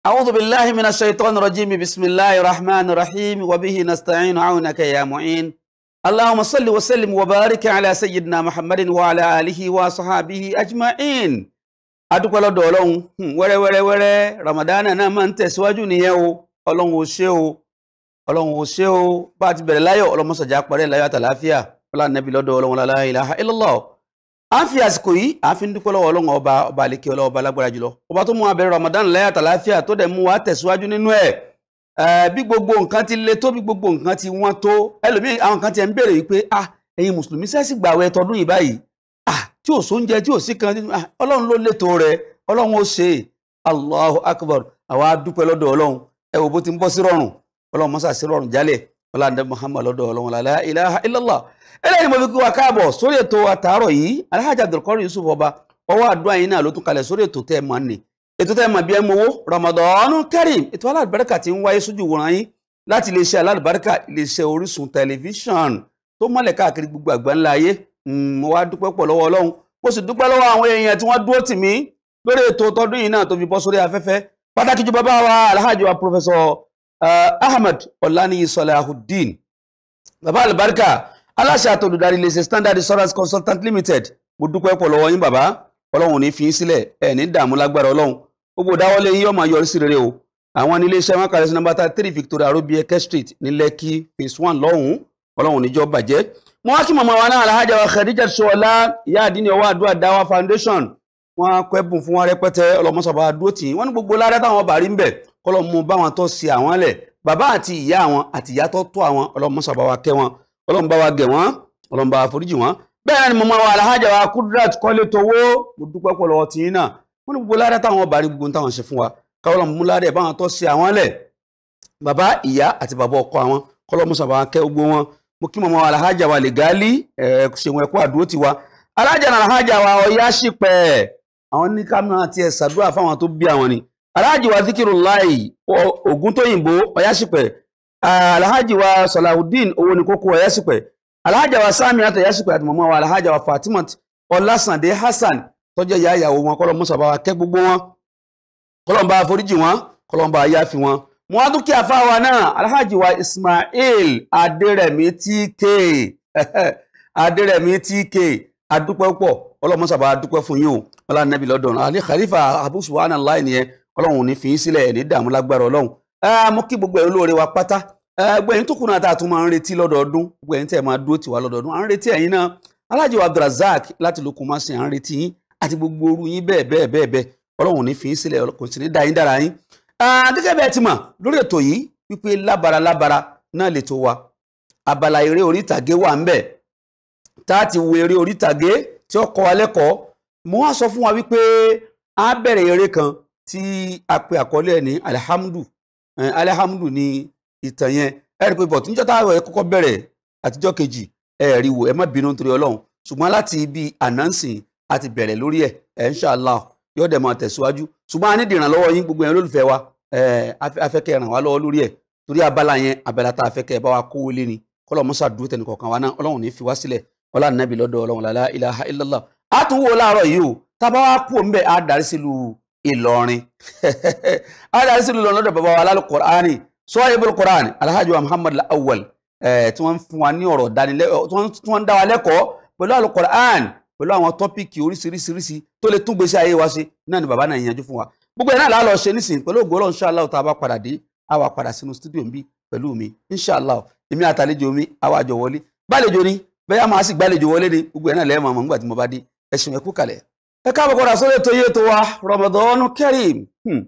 أعوذ بالله من الشيطان الرجيم بسم الله الرحمن الرحيم وبه نستعين عونك يا معين اللهم صل وسلم وبارك على سيدنا محمد وعلى آله وصحابه أجمعين adúpẹ́ lọ́dọ̀ ọlọ́run hmm, wẹ́rẹ́ wẹ́rẹ́ wẹ́rẹ́ ramadana náà máa ń tẹ̀síwájú nìyẹn o ọlọ́run ò ṣe o ọlọ́run ò ṣe o bá a ti bẹ̀rẹ̀ láyọ̀ ọlọ́mọsàjà parẹ́ láyọ̀ àtàláfíà ọlá nàbí lọ́dọ̀ ọlọ́run la ilaha illallah a ń fi àsìkò yìí a fi ń dúpẹ́ lọ́wọ́ ọlọ́run ọba ọba àlekè ọlá ọba alágbára jùlọ ọba tó mú wa Ramadan láyà tàlàáfíà tó dẹ̀ mú wa tẹ̀síwájú nínú ẹ̀ bí gbogbo nǹkan ti le tó bí gbogbo nǹkan ti wọ́n tó ẹlòmíì àwọn kan ti ẹ̀ ń béèrè yìí pé ah ẹ̀yin mùsùlùmí sẹ́sì gbààwẹ̀ tọdún yìí báyìí ah tí ò sóúnjẹ tí ò sí kan ọlọ́run ló létò rẹ̀ ọlọ́run ó Akbar àwa dúpẹ́ lọ́dọ̀ ọlọ́run ẹ wo bó ti ń bọ́ sí rọrùn ọlọ́dẹ muhammad lọ́dọ̀ ọlọ́wọ́n lálẹ́ ilaha illallah eléyìí mo fi kí wa káàbọ̀ sórí ètò àtàárọ̀ yìí alhaji abdulkari yusuf ọba ọwọ́ àdúrà yìí náà ló tún kalẹ̀ sórí ètò tẹ́ ẹ mọ̀ ni ètò tẹ́ ẹ mọ̀ bí ẹ mowó ramadan kareem ètò alálùbáríkà ti ń wáyé sójú wòran yín láti iléeṣẹ́ alálùbáríkà iléeṣẹ́ orísun tẹlifíṣàn tó mọ́lẹ̀ káàkiri gbogbo àgbáńlá ayé hmm, mo wá Uh, Ahmed Ọláníyì Salahuddin bàbá àlùbáríkà aláṣẹ àtolùdarí iléeṣẹ́ Standard Insurance Consultant Limited mo dúpẹ́ pọ̀ lọ́wọ́ yín baba, ọlọ́run ò ní fi í sílẹ̀ ẹ̀ ní dààmú lágbára ọlọ́run gbogbo dáwọ́lé yín yóò máa yọrí sí rere o àwọn ní iléeṣẹ́ wọn kàlẹ́ sí nọ́mbà thirty three Victoria Arobieke Street ní Lekki phase one lọ́hùn-ún ọlọ́run níjọ́ bàjẹ́ mo wá kí màmá wa náà alhaja wa Khadija Ṣọlá ìyá àdínní ọwọ́ àdúrà dáwà foundation wọn kọ ẹ̀bùn fún wọn rẹpẹtẹ ọlọmọsọba dúró tì í wọn ní gbogbo ládá táwọn bàrí ń bẹ̀ kọ́lọ́ mú báwọn tó ṣe àwọn lẹ̀ bàbá àti ìyá àwọn àti ìyá tó tó àwọn ọlọ́mọṣà bá wa kẹ́ wọn ọlọ́run bá wa gẹ̀ wọ́n ọlọ́run bá wa foríjì wọ́n bẹ́ẹ̀ ni mo mọ àwọn alhaja wa Kudrat kọ́lé towó mo dúpẹ́ pọ̀ lọ́wọ́ tìyín náà wọ́n ní gbogbo ládà táwọn bàrí gbogbo táwọn ṣe fún wa káwọn mú ládà ẹ̀ wa kẹ́ gbogbo wọn na alhaja wa ọ̀yá ṣìpẹ̀ àwọn ní kámínà àti ẹ̀ ṣàdúrà fáwọn tó bí àwọn ni alhaji wa zikirullahi ògúntóyìnbó ọ̀yásípẹ̀ ah, alhaji wa salahudeen owó ní kókó ọ̀yásípẹ̀ alhaji wa sami àti ọ̀yásípẹ̀ àti mọ̀mọ́ wa alhaji wa fatima ọlásàndé hasan tọ́jọ́ ìyá ìyàwó wọn kọ́lọ́ mọ́sà wa kẹ́ gbogbo wọn kọ́lọ́ bá foríjì wọn kọ́lọ́ bá wọn. wọn tún kí àfa wa náà alhaji wa ismail adérẹ̀mí tk adérẹ̀mí tk adúpẹ́ pọ̀ ọlọ́mọ́sà bá dúpẹ́ fún yín o ọlá nàbì lọ́dọ̀ ọ̀run khalifa abu subhanallahi nìyẹn ọlọ́run ní fi yín sílẹ̀ ẹ̀ ní dààmú lágbára ọlọ́run mo kí gbogbo ẹ̀rọ lóore wa pátá gbogbo ẹ̀yin tó kùnà tá a ń retí lọ́dọọdún gbogbo ẹ̀yin tẹ̀ máa dúró tiwa lọ́dọọdún à ń retí ẹ̀yin náà abdulrasaq láti lókun à ń retí àti gbogbo oru yín bẹ́ẹ̀ bẹ́ẹ̀ bẹ́ẹ̀ bẹ́ẹ̀ ọlọ́run tí a pe àkọlé ẹ̀ ní alihamudu alihamudu ni ìtàn yẹn ẹ rí i pé bọ̀ tí níjọ́ táwọn ẹ̀ kọ́kọ́ bẹ̀rẹ̀ àtijọ́ kejì ẹ rí wo ẹ má bínú nítorí ọlọ́run ṣùgbọ́n láti ibi ànánsìn a ti bẹ̀rẹ̀ lórí ẹ̀ ẹ̀ ń ṣàlá yóò dẹ̀ máa tẹ̀síwájú ṣùgbọ́n a ní ìdìrànlọ́wọ́ yín gbogbo yẹn lólùfẹ́ wa afẹ́kẹ́ ràn wá lọ́wọ́ lórí ẹ̀ torí abala yẹn abala tá a fẹ́ kẹ́ ẹ bá wa kówó lé ni kọ́lọ̀ mọ́sá dúró tẹnì kọ̀ọ̀kan wa náà ọlọ́run ní fi wá sílẹ̀ ọlá nàbì lọ́dọ̀ ọlọ́run làlá ilaha illallah a tún a bá wá ìlọrin adáyé sí lọ lọ́dọ̀ bàbá wa alálùkọ̀ránì sọ ibùl kọ̀ránì alhaji muhammad awwal eh, tí wọ́n ń fún wa ní ọ̀rọ̀ dánilẹ́kọ̀ọ́ tí wọ́n ń dá wa lẹ́kọ̀ọ́ pẹ̀lú alùkọ̀ránì pẹ̀lú àwọn tọ́pìkì oríṣiríṣiríṣi tó lè tún gbèsè ayé wa ṣe náà ni bàbá náà yanjú fún wa gbogbo ẹ̀ náà lálọ́ ṣe nísìnyí pẹ̀lú ògbó ọlọ́run ṣáàlá tá a bá padà dé a wà padà sínú stúdíò mi pẹ̀lú mi inṣàlá èmi àtàlejò mi a wà wọlé gbàlejò ni bẹ́ẹ̀ a máa sì gbàlejò wọlé ni gbogbo ẹ̀ náà lẹ́ẹ̀mọ̀ àmọ́ nígbà tí mo bá dé ẹ ṣé kalẹ̀ ẹ káàbọ̀ padà sórí ètò iye tó wa Ramadan Kareem hmm.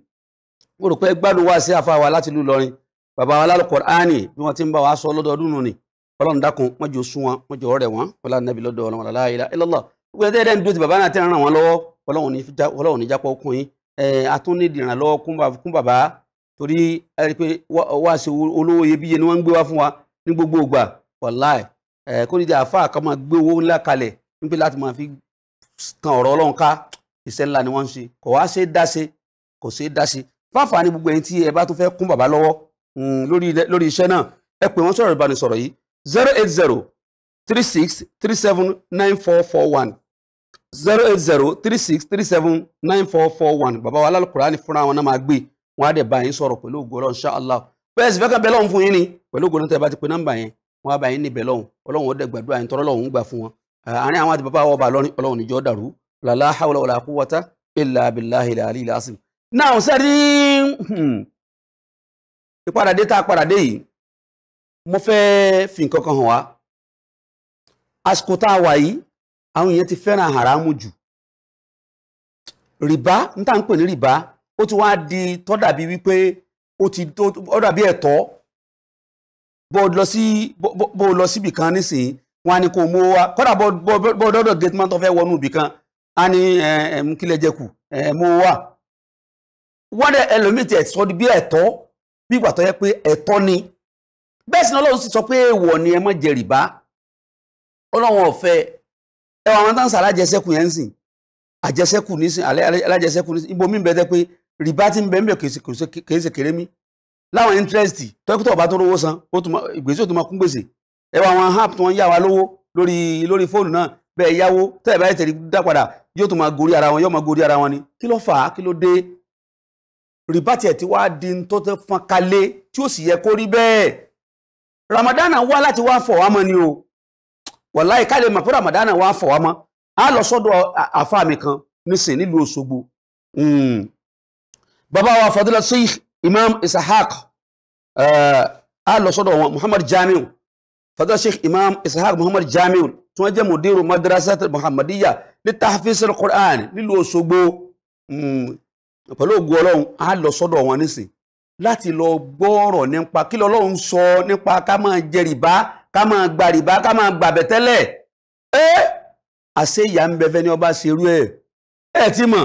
mo rò pé gbádùn wá sí afa wa láti ìlú Ìlọrin bàbá wa lálùkùránì bí wọ́n ti ń bá wa sọ lọ́dọọdún nù ni ọlọ́run dákun wọ́n jò sún wọn wọ́n jò ọ̀rẹ́ wọn wọ́n lánàá bí lọ́dọ̀ ọlọ́run la ilaha illallah gbogbo ẹ̀dẹ́ ẹ̀dẹ́ ń dúró ti bàbá náà ti ràn wọ́n lọ́wọ́ ọlọ́run ní jápọ̀ okùn yín atún ní ìdìrànlọ́wọ́ kún bàbá torí ẹni pé wá sí olówó iyebíye ni wọ́n ń gbé wá fún wa ní gbogbo ìgbà wàláì kó nídìí àáfàá kan máa gbé owó ńlá kalẹ̀ nípe láti máa fi kan ọ̀rọ̀ ọlọ́run ká iṣẹ́ ńlá ni wọ́n ń ṣe kò wá ṣe é dá ṣe kò ṣe é dá ṣe fáfà ní gbogbo ẹni tí ẹ bá tún fẹ́ kún bàbá lọ́wọ́ mm, lórí iṣẹ́ náà ẹ pè wọ́n sọ̀rọ̀ ìbánisọ̀rọ̀ yìí zero eight zero three six three seven nine four four one zero eight zero three six three seven nine four four one bàbá wa alálùkùránì fúnra wọn náà máa gbé wọn á dẹ̀ bá yín sọ̀rọ̀ pẹ̀lú ògo Ọlọ́run ṣáàlá bẹ́ẹ̀ sì fẹ́ kàn bẹ́ẹ̀ lọ́hùn fún yín ni pẹ̀lú ògo náà tẹ́ bá ti pe nọ́mbà yẹn wọn á bá yín níbẹ̀ lọ́hùn Ọlọ́run ó dẹ̀ gbàdúrà yín tọ́rọ́ lọ́hùn ń gbà fún wọn àárín àwọn àti bàbá àwọn ọba ọlọ́run níjọ́ dàrú làlá hawla wàlá quwwata illa billahi al-ali al-azim. náà sẹ́rí hmm, ìpadàdé tá a padàdé yìí fi nǹkan kan hàn wá àsìkò tá a wà yìí àwọn èèyàn ti fẹ́ràn haramu jù rìbá pè ní rìbá ó ti wípé ó ti tó ẹ̀tọ́ bó lọ wọn á ní kó mú wa kódà bọ́ dọ́dọ̀ gate man tó fẹ́ wọnú ibì kan á ní kílẹ̀ jẹ kù mú wa. wọ́n dẹ ẹlòmíì ti ẹ̀sọ́ bí ẹ̀tọ́ bí ìgbà tó yẹ pé ẹ̀tọ́ ni bẹ́ẹ̀ sì ni ọlọ́run sì sọ pé èèwọ̀ ni ẹ má jẹ rìbá ọlọ́run ọ̀fẹ́ ẹ wọ àwọn táǹsà alájẹsẹ́kù yẹn ń sìn àjẹsẹ́kù nísìn alájẹsẹ́kù nísìn ibòmí ń bẹ tẹ́ pé rìbá ti ń bẹ ń bẹ mi láwọn interest tọ́kítọ̀ ọba tó rówó san ìgbésí tó máa kún gbèsè ẹ wá àwọn app tí wọ́n yá wa lówó lórí lórí fóònù náà bẹ́ẹ̀ yáwó tẹ́ ẹ̀ bá yẹ tẹ̀lé dá padà yóò tún máa gorí ara wọn yóò máa gorí ara wọn ni kí ló fà á kí ló dé rìbá tiẹ̀ tí wàá di tó tẹ́ fọn kalẹ̀ tí ó sì yẹ kó rí bẹ́ẹ̀ Ramadan wá láti wá fọ̀ wá mọ́ ni o wàláì ká lè pé Ramadan wá fọ̀ wá mọ́ á lọ sọ́dọ̀ àfa mi kan nísìn nílùú Òṣogbo hmm. bàbá wa fadúlá Imam Isahaq á eh, lọ sọ́dọ̀ wọn Muhammad Jamiu fadọ́ الشيخ imam إسحاق محمد jamiu tí مدير مدرسة محمدية madrasa القرآن ní tahfiz al-qur'an nílùú Òṣogbo hmm, pẹ̀lú ògùn ọlọ́run á lọ sọ́dọ̀ wọn nísìn láti lọ gbọ́ọ̀rọ̀ nípa kí lọ́lọ́run sọ nípa ká máa jẹ rìbá ká máa gba rìbá ká máa gbà bẹ̀tẹ́lẹ̀ ẹ́ àṣẹ ìyá ń bẹ̀fẹ́ ni ọba ṣe irú ẹ̀ ẹ̀ tí mọ̀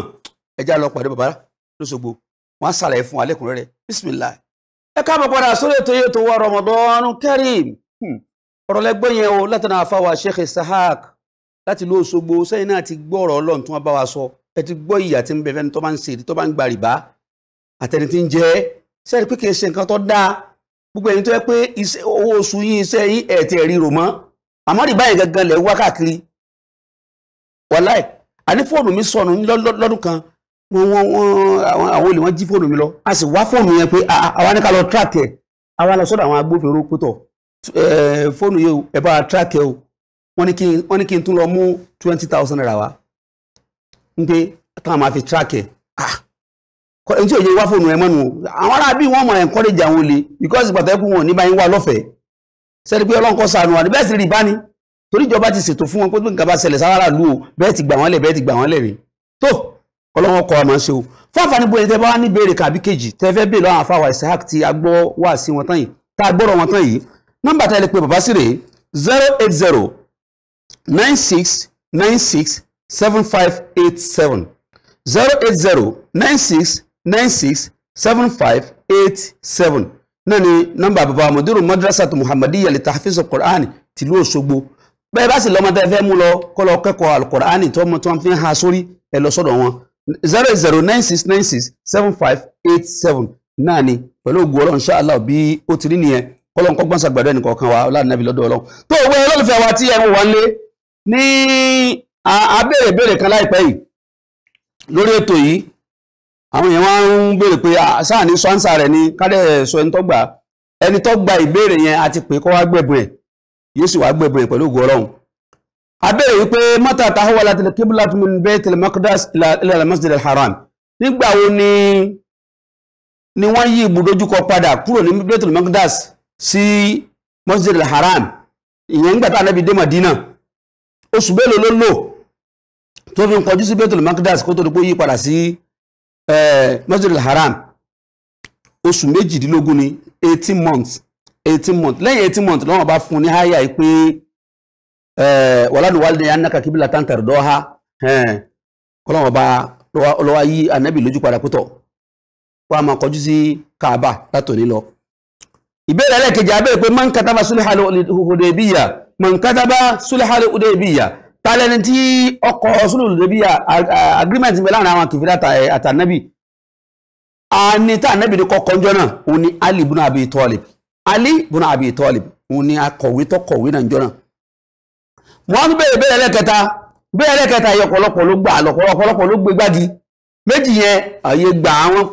ẹ lọ pàdé bàbá lóṣogbo wọn ṣàlàyé fún wa lẹ́kùnrẹ́rẹ́ bismillah ẹ káàbọ̀ padà sórí ètò yẹn tó wà Ramadan Kareem. Hmm ọ̀rọ̀ lẹ́gbọ́n yẹn o látara àfáwà Sheikh Sahak láti ló Òṣogbo sẹ́yìn náà ti gbọ́ ọ̀rọ̀ Ọlọ́run tí wọ́n bá wa sọ ẹ ti gbọ́ ìyà tí ń bẹ fẹ́ni tó bá ń ṣe tó bá ń gba rìbá àtẹni tí ń jẹ sẹ́ni pé kì í ṣe nǹkan tó dáa gbogbo ẹni tó yẹ pé owó oṣù yín iṣẹ́ yín ẹ̀ tẹ̀ rí rò mọ́ àmọ́ rìbá yẹn gangan lẹ̀ wá káàkiri wàláì àní fóònù mi sọnù lọ́dún kan àwọn olè wọn jí fóònù mi lọ a sì wá fóònù yẹn pé àwa ní ká lọ tíráàkì ẹ̀ àwa lọ sọ́dọ̀ àwọn agbófinró pé fóònù yìí o ẹ bá wa track ẹ o wọ́n ní kí wọ́n ní kí n tún lọ mú twenty thousand naira wá n pé káwọn máa fi track ẹ ah ẹni tí ò yẹ wá fóònù ẹ mọ́nu o àwọn aráàbí wọn máa encourage àwọn olè because pàtàkì wọn ní báyìí wà lọ́fẹ̀ẹ́ sẹ́ni pé ọlọ́nkọ́ sànù wa ni bẹ́ẹ̀ sì rí bá ní torí ìjọba ti ṣètò fún wọn pé nǹkan bá ṣẹlẹ̀ sára lù o bẹ́ẹ̀ ti gbà wọ́n lẹ̀ bẹ́ẹ̀ ti gbà wọ́n lẹ̀ rí tó ọlọ́wọ́n kọ́ ọmọ ṣe o fún àǹfààní bóyá tẹ bá wá ní béèrè kàbí kejì tẹ fẹ́ béèrè àwọn àfàwà Isiaq tí a gbọ́ sí wọn tán yìí tá a gbọ́rọ̀ wọn tán yìí nọ́mbà tá a lè bàbá sí rèé zero eight zero nine six nine six seven five eight seven zero eight zero nine six nine six seven five eight seven náà ni nọ́mbà bàbá mọ̀dúró madrasat muhammadiyya li tahfiz al-Qur'an tìlú Òṣogbo bẹ́ẹ̀ bá sì lọ́mọ tẹ́ fẹ́ mú lọ kọ́ lọ kẹ́kọ̀ọ́ alukur'ani tó mọ tó ń fi ha sórí ẹ lọ sọ́dọ̀ wọn zero zero nine six nine six seven five eight seven náà ni pẹ̀lú ògùn ọlọ́run ṣáàlà bí ó ti rí nìyẹn kọ́lọ́n kọ́gbọ́n sàgbàdo ẹnì kọ̀ọ̀kan wa ọlànàbí lọ́dọ̀ ọlọ́run tó owó olólùfẹ́ wa tí ẹnu wà lé ní abéèrè béèrè kan láìpẹ́ yìí lórí ètò yìí àwọn èèyàn wá ń béèrè pé sáà ní sọ́nsà rẹ̀ ní kádẹ́ sọ ẹni tó gbà ẹni tó gba ìbéèrè yẹn àti pé kó wá gbẹ̀bùn ẹ̀ yóò sì wá gbẹ̀bùn ẹ̀ pẹ̀lú ògo ọlọ́run abéèrè yìí pé mọ́tà táwọn aláàtìlẹ̀ kíbùlá tó ila al-Masjid haram nígbà wo ni wọ́n yí ibùdójúkọ padà kúrò ní Baitul Maqdis sí Masjid al-Haram ìyẹn ń gbàtà anábì dé Madina oṣù mélòó ló lò tó fi ń kọjú sí Baitul Maqdis kó tó pé yí padà sí Masjid al-Haram oṣù méjìdínlógún ni eighteen months eighteen months lẹ́yìn eighteen months lọ́wọ́n bá fún ní háyà yìí pé wàládùwálé ní anaka kíbílà táǹtàrí dọ́ha ọlọ́wọ́n bá lọ́wọ́ yí anábì lójú padà máa kọjú sí Kaaba látòní lọ. ìbéèrè ẹlẹ́kejì abẹ́rẹ̀ pé man kataba sulhal hudaybiya man kataba sulhal hudaybiya tálẹ́ni tí ọkọ̀ sulhal hudaybiya agreement ń bẹ láàrin àwọn kìfìdá àtànábì àní tànábì ní kọ́kọ́ ńjọ́ náà òun ni ali bùnà abi talib ali bùnà abi talib òun ni akọ̀wé tó kọ̀wé náà ńjọ́ náà. wọ́n tún béèrè béèrè ẹlẹ́kẹta béèrè ẹlẹ́kẹta yẹ ọ̀pọ̀lọpọ̀ ló gbà ọ̀pọ̀lọpọ̀ ló gbé gbági méjì yẹn àyè gbà àwọn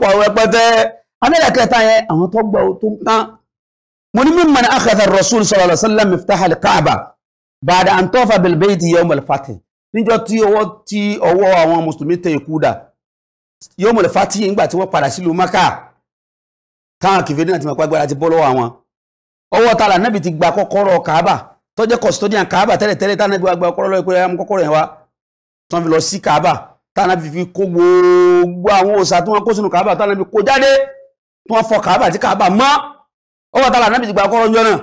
من ممن أخذ الرسول صلى الله عليه وسلم مفتاح الكعبة بعد أن طاف بالبيت يوم الفتح níjọ́ tí ọwọ́ tí ọwọ́ àwọn mùsùlùmí tẹ ìkúdà yóò mọ̀lẹ̀ fati ìgbà tí wọ́n padà sílùú Mákà táwọn kìfìrí náà ti mọ̀ pàgbára ti bọ́ lọ́wọ́ àwọn ọwọ́ tààlà nábì ti gba kọ́kọ́rọ́ Kaaba tó jẹ́ custodian Kaaba tẹ́lẹ̀tẹ́lẹ̀ táwọn nábì wa gba kọ́kọ́rọ́ lọ́wọ́ pé ẹ̀yà mú kọ́kọ́rọ́ yẹn wá tán fi lọ sí Kaaba táwọn nábì fi kó gbogbo àwọn òòṣà tí wọ́n kó sínú Kaaba táwọn nábì kó jáde tí wọ́n fọ Kaaba tí Kaaba mọ́ ọwọ́ tààlà anábì ti gba kọ́rọ́ njọ́ náà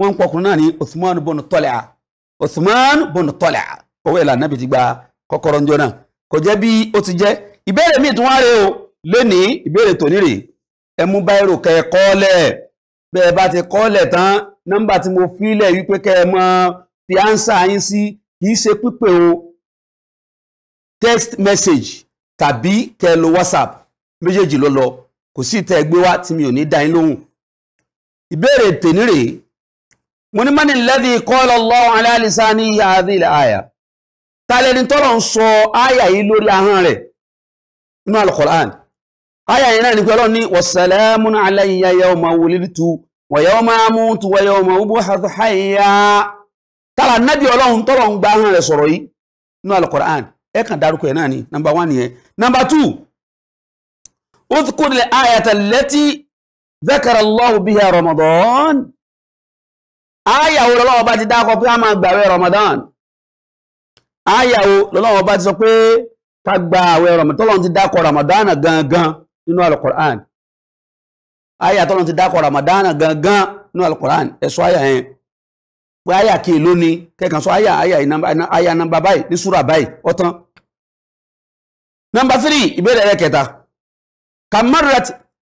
wọ́n ń pọkùnrin náà ní Usman bọ́nu tọ́lẹ̀ à Usman bọ́nu tọ́lẹ̀ à ọwọ́ ìlà anábì ti gba kọ́kọ́rọ́ njọ́ náà kò jẹ́ bí ó ti jẹ́ ìbéèrè míì tún wá rèé o lónìí ìbéèrè tòní rèé ẹ mú báírò kẹ́ ẹ kọ́ọ́lẹ̀ bá ti kọ́ọ́lẹ̀ tán nọ́mbà tí mo fílẹ̀ wípé kẹ́ ẹ mọ fi ánsà yín sí kì í ṣe pípé o text message tàbí kẹ́ ẹ lo WhatsApp méjèèjì ló lọ kò sí ìtẹ́ gbé wá tí mi ò ní dá yín lóhùn ìbéèrè tèmi rèé mo ní mọ́ni lẹ́dí kọ́lọ́ lọ́wọ́ aláìsá ní àdìl àyà tálẹ́ni tọ́lọ̀ ń sọ àyà yìí lórí ahọ́n rẹ̀ nínú alukoran àyà yìí náà ní pẹ́lọ́ ní wàsálẹ́mù aláìyá yẹ́wò máa wọlé tu wọ̀yẹ́wò máa mú tu wọ̀yẹ́wò máa wọ́bọ̀ àtúháyà tálà nábì ọlọ́run tọ́lọ̀ ń gba ahọ́n rẹ̀ sọ̀rọ̀ yìí nínú alukoran ẹ kàn dárúkọ ẹ̀ náà ní zakara Allahu biha Ramadan ayàwó lọ́lọ́wọ́ bá ti dákọ pé a máa gbàwẹ̀ Ramadan ayàwó lọ́lọ́wọ́ bá ti sọ pé ká gba àwẹ̀ Ramadan tọ́lọ́n ti dákọ Ramadan gangan nínú Al-Qur'an ayà tọ́lọ́n ti dákọ Ramadan gangan nínú Al-Qur'an ẹ̀sọ́ ayà yẹn pé ayà kí èló ni kẹ́kàn sọ ayà ayà ayà nọ́mbà báyìí ní súrà báyìí ọ̀tán nọ́mbà 3 ìbéèrè rẹ̀ kẹta kamarat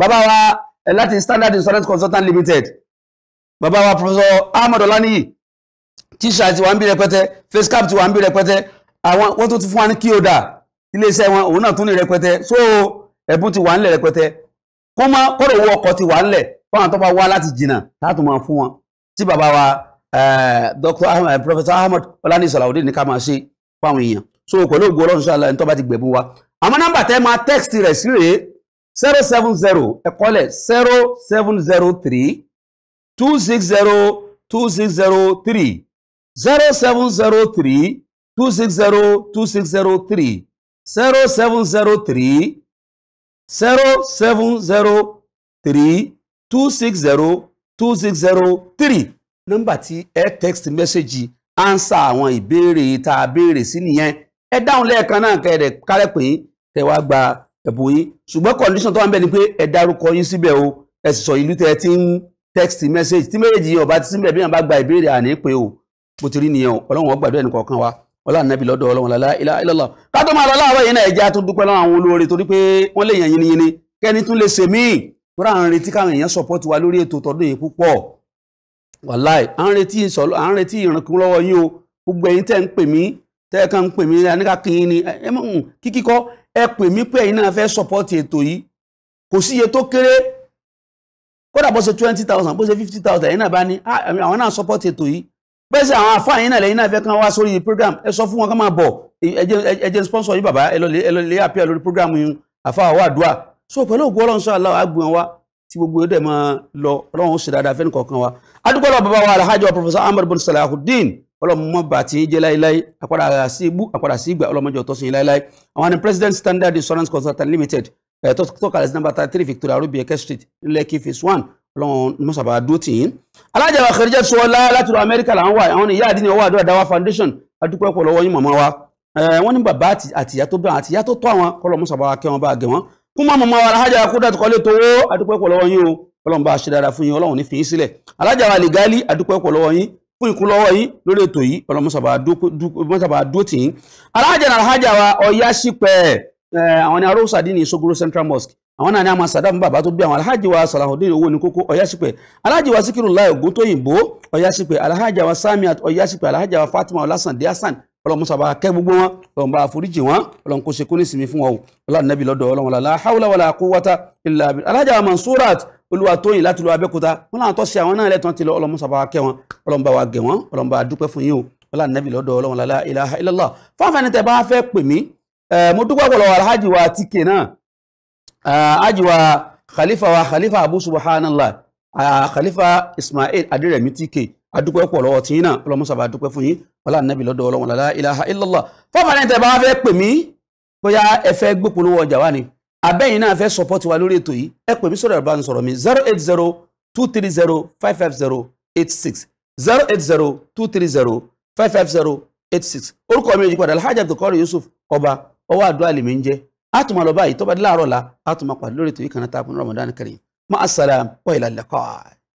Baba wa eh, láti standard insurance consultant limited Baba wa professor ahmed Olani. t-shirt wa ń bí face cap ti wa ń bí rẹpẹtẹ àwọn wọ́n tó tún fún wa ní kíodà iléeṣẹ́ wọn òun náà tún ní rẹpẹtẹ so ẹ̀bùn ti wà ńlẹ̀ rẹpẹtẹ kó má kọ́rọ̀ owó ọkọ̀ ti wà ńlẹ̀ fáwọn tó bá wá láti jìnnà láti máa fún wọn tí bàbá wa eh, dr ahmed eh, professor ahmed ọláníyì sàlàwọ́dé ní ká máa ṣe fáwọn èèyàn so pẹ̀lú ògbó ọlọ́run ṣáà ẹni tó bá ti gbẹ̀bùn wa àwọn nọ́mbà tẹ́ máa text rẹ̀ sí rèé zero seven zero ẹ̀kọ́lẹ̀ zero seven zero three two six zero two six zero three zero seven zero three two six zero two six zero three zero seven zero three zero seven zero three two six zero two six zero three nọ́mbà tí ẹ text message ansa àwọn ìbéèrè tá a béèrè sí nìyẹn ẹ dáhùn lẹ́ẹ̀kan náà kẹ́ ẹ̀ kálẹ̀ pé tẹ wá gba ẹ̀bùn yín ṣùgbọ́n condition tó wà ń bẹ̀ ni pé ẹ dárúkọ yín síbẹ̀ o ẹ sì sọ ìlú tẹ́ ẹ ti ń text message tí méjèèjì yìí ọba ti síbẹ̀ bí wọn bá gba ìbéèrè àní pé o bó ti rí nìyẹn o ọlọ́run ọgbàdúrà ẹnì kọ̀ọ̀kan wa ọlá nàbì lọ́dọ̀ ọlọ́run lálá ilá ilọ́lá ká tó máa lọ láàárọ̀ yìí náà ẹja tó dúpẹ́ lọ́wọ́ àwọn olóore torí pé wọ́n lè yàn yiniyini kẹ́ni tún lè ṣe míì tó rà ń retí káwọn èèyàn support wa lórí ètò tọdún yìí púpọ̀ wàláì à ń retí ìsọ̀lọ́ à ń retí ìrànkún o gbogbo ẹ̀yin tẹ́ ń pè mí tẹ́ ẹ kàn ń pè mí aníkà kìíní ẹ pè mí pé ẹ̀yin náà fẹ́ sọ̀pọ́tì ètò yìí kò sí iye tó kéré kódà bó ṣe twenty thousand bó ṣe fifty thousand ẹ̀yin náà bá ní ah, àwọn náà sọ̀pọ́tì ètò yìí bẹ́ẹ̀ sẹ́ àwọn àfáà yín náà lẹ́yìn náà fẹ́ kán wá sórí program ẹ sọ fún wọn kán máa bọ̀ ẹ sponsor yìí bàbá ẹ lọ lè appear lórí program yìí àfáà wà dùà so pẹ̀lú ògùn ọlọ́run sọ aláwọ̀ agbọ̀n wa tí gbogbo yóò dẹ̀ máa lọ ọlọ́run ó ṣe dáadáa fẹ́ni kọ̀ọ̀kan wa adúgbò lọ bàbá wa alhaji wa professor ahmed bin salahuddin ọlọ́mọ bá ti jẹ́ láíláí àpadà sí ibú àpadà sí ìgbà ọlọ́mọdé ọ̀tọ́sùn yìí láíláí àwọn ni president standard insurance consultant limited ẹ̀tọ́ eh, tọ́kàlẹ̀ sí number three victoria rubi eke street lẹ́kì phase one ọlọ́run mọ́sàbà dúró tì í. alájà wa kẹrìjẹ sọ ọlá láti rọ amẹ́ríkà làwọn wà àwọn ìyá àdínní ọwọ́ àdúrà dáwà foundation adúpẹ́ ọ̀pọ̀ lọ́wọ́ yín màmá wa eh, wọ́n ní bàbá àtìyá tó bá àtìyá tó tọ́ àwọn kọ́lọ́ mọ́sàbà wa alájà kó dàtú kọ́lé tówó adúpẹ́ ọ̀pọ̀ lọ́wọ́ yín o ọlọ́run bá a ṣe dára fún yín ọlọ́run ní fi yín sílẹ̀ alájà wa lè gálí fún ìkúlọ́wọ́ yìí lórí ètò yìí ọlọ́mọ́sàbà dúró tì yín aláàjẹ náà aláàjà wa ọ̀yá sípẹ́ àwọn ní aró sàdí ní Sogoro Central Mosque àwọn náà ní àmọ́ sàdámù bàbá tó bí àwọn aláàjì wa Salahuddin owó ní kókó ọ̀yá sípẹ́ aláàjì wa Sikirullah Ògúntóyìnbó ọ̀yá sípẹ́ aláàjà wa Samiat ọ̀yá sípẹ́ aláàjà wa Fatima ọ̀làsàndé Hassan ọlọ́mọ́sàbà kẹ́ gbogbo wọn ọlọ́mọba àforíjì wọn ọlọ́mọ kò ṣe kó ní ìsinmi fún wọn o ọlọ́run nẹ́bí lọ́dọ̀ ọlọ́run la hawla wala quwwata illa billah aláàjà wa Mansurat olúwa tóyìn láti lọ abẹ́kúta wọn làwọn tó ṣe àwọn náà lẹ́tàn ti lọ ọlọ́mọ sábà kẹ́ wọn ọlọ́mọ bá wa gẹ̀ wọn ọlọ́mọ bá dúpẹ́ fún yín o ọlá nàbì lọ́dọ̀ ọlọ́run lálá ilaha illallah fáfáni tẹ bá fẹ́ pè mí mo dúpẹ́ pọ̀lọ̀ alhaji wa tike náà alhaji wa khalifa wa khalifa abu subhanallah khalifa ismail adiremi tíkè adúpẹ́ pọ̀lọ̀ ọtí náà ọlọ́mọ sábà dúpẹ́ fún yín ọlá nàbì lọ́dọ̀ ọlọ́run lálá ilaha illallah fáfáni tẹ bá fẹ́ pè mí bóyá abẹ́yìn náà fẹ́ support wa lórí ètò yìí ẹ pè mí sọ̀rọ̀ ẹ̀rọ ìbánisọ̀rọ̀ mi zero eight zero two three zero five five zero eight six zero eight zero two three zero five five zero eight six orúkọ mi ò yí padà alhaji abdulkari yusuf ọba ọwọ́ àdó àlèmí ń jẹ́ àtùmọ̀ lọ́ba yìí tó dé láàárọ̀ la àtùmọ̀ pàdé lórí ètò yìí kan náà tá ramadan karim ma assalam wa ila liqa.